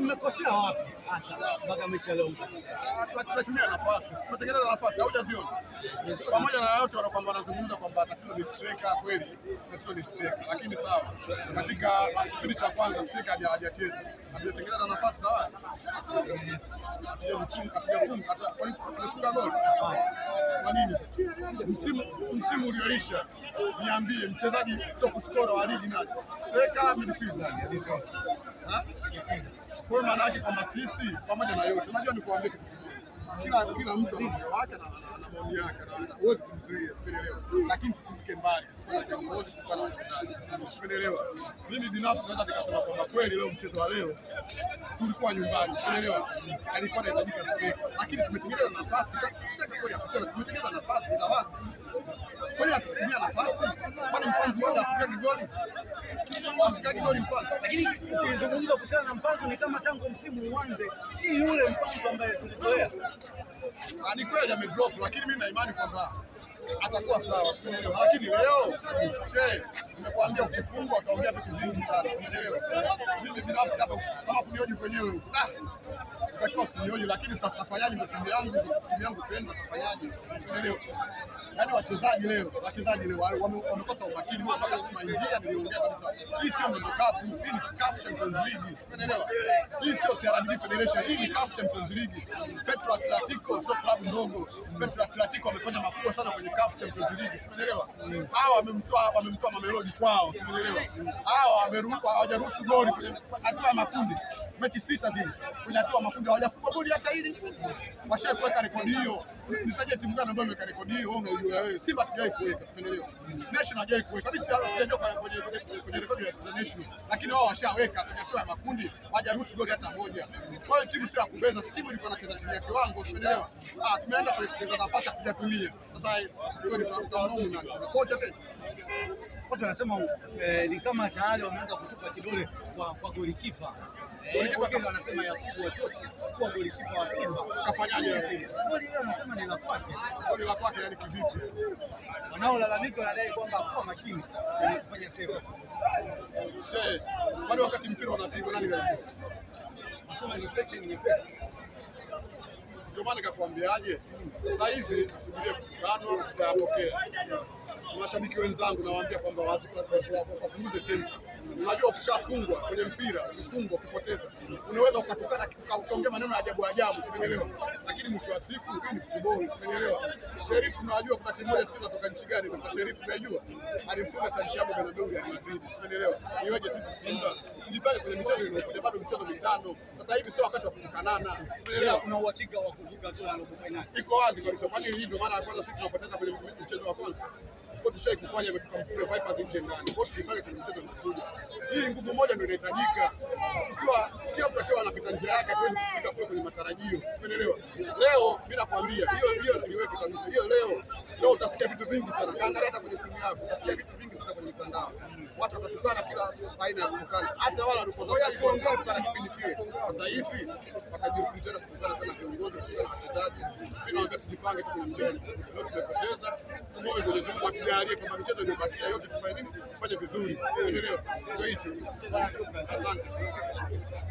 Mmekosea wapi hasa mpaka mechi leo? Tunatumia nafasi, tunatengeneza nafasi, haujaziona. Pamoja na watu wanakwamba wanazungumza kwamba tatizo ni striker, kweli tatizo ni striker, lakini sawa, katika kipindi cha kwanza striker hajacheza, hatujatengeneza nafasi sawa, hatujafunga goli. Kwa nini msimu ulioisha niambie, mchezaji top scorer wa ligi nani? Striker midfielder. Kwa maana yake kwamba sisi pamoja na yote, unajua ni kuambia kitu kila kila mtu ana moyo wake na ana maoni yake, na huwezi kumzuia, sielewa, lakini tusifike mbali kwa kiongozi kwa na wachezaji, sielewa. Mimi binafsi naweza nikasema kwamba kweli leo mchezo wa leo tulikuwa nyumbani, sielewa, alikuwa anahitajika strike, lakini tumetengeneza nafasi, tumetaka kwa ya kucheza, tumetengeneza nafasi za wazi hiyo lakini ukizungumza kuhusiana na Mpanzu ni kama tangu msimu uanze, si yule Mpanzu ambaye tulizoea. Ah, ni kweli amedrop, lakini mimi na imani kwamba atakuwa sawa siku ile. Lakini leo che, nimekuambia ukifungwa, akaongea vitu vingi sana, umeelewa? Mimi binafsi hapa kama kunioji kwenyewe ah! natakiwa sioni, lakini tutafanyaje na timu yangu, timu yangu pendwa, tutafanyaje? Unaelewa? yani wachezaji leo, wachezaji leo wamekosa umakini mpaka tunaingia, niliongea kabisa. Hii sio ndio cup, hii ni CAF Champions League. Unaelewa? Hii sio CRDB Federation, hii ni CAF Champions League. Petro Atletico sio club ndogo. Petro Atletico wamefanya makubwa sana kwenye CAF Champions League. Unaelewa? Hawa wamemtoa wamemtoa Mamelodi kwao. Unaelewa? Hawa wameruhusu hawajaruhusu goli kwenye hatua makundi. Mechi sita zile. Kwenye hatua makundi ndio hawajafungwa goli hata hili, washae kuweka rekodi hiyo. Nitaje timu gani ambayo imeweka rekodi hiyo? Wewe unajua wewe, Simba hatujawahi kuweka, tumeelewa. National haijawahi kuweka kabisa, hawajaweka kwenye kwenye rekodi ya National, lakini wao washaweka kwenye makundi, hawajaruhusu goli hata moja. Kwa hiyo timu sio ya kubeza, timu ilikuwa inacheza chini ya kiwango, tumeelewa. Ah, tumeenda kwenye nafasi ya kujatumia sasa, sio ni kwa kocha tena watu wanasema eh, ni kama tayari wameanza kutupa kidole kwa, kwa golikipa eh, anasema ya Yakubu Atoshi kwa golikipa wa Simba kafanyaje? Eh, goli leo wanasema ni la kwake, goli la kwake. Yani kivipi? Wanaolalamika wanadai kwamba kwa makini kwenye kufanya save. Bado wakati mpira unapigwa, nani anasema ni reflection nyepesi maana nikakwambiaje, sasa hivi tusubirie mkutano, tutayapokea. Mashabiki wenzangu nawaambia kwamba kwa kwa Unajua, ukishafungwa kwenye mpira, ukifungwa, kupoteza unaweza ukatukana, ukaongea maneno ya ajabu ajabu, simeelewa. Lakini mwisho wa siku hii ni football, simeelewa. Sheriff, unajua kuna timu moja sijui inatoka nchi gani, kwa Sheriff unajua alifunga Santiago Bernabeu ya Madrid, simeelewa. Niweje sisi Simba tujipange kwenye michezo ile inayokuja, bado michezo mitano. Sasa hivi sio wakati wa kutukanana, simeelewa. kuna uhakika wa kuvuka tu robo finali? Iko wazi kwa sababu hii ndio mara ya kwanza sisi tunapoteza kwenye mchezo wa kwanza kwa tushai kufanya vitu kama vile Vipers nje ndani, kwa tukipanga kwenye mchezo unakuja. Hii nguvu moja ndio inahitajika, tukiwa kila mtu akiwa anapita njia yake, tuwezi kufika kule kwenye matarajio, umeelewa? Leo mimi nakwambia hiyo hiyo niweke kabisa hiyo. Leo leo utasikia vitu vingi sana, kaangalia hata kwenye simu yako utasikia vitu vingi sana kwenye mitandao, watu watatukana kila aina ya kutukana, hata wale walikuwa kwa kipindi kile. Sasa hivi watajirudisha kutukana tena viongozi, wachezaji, mimi naomba tujipange kwenye mchezo, leo tumepoteza tumoe tuangalie kama michezo iliyobakia yote tufanye nini, tufanye vizuri, unaelewa? Ndio hicho, asante sana.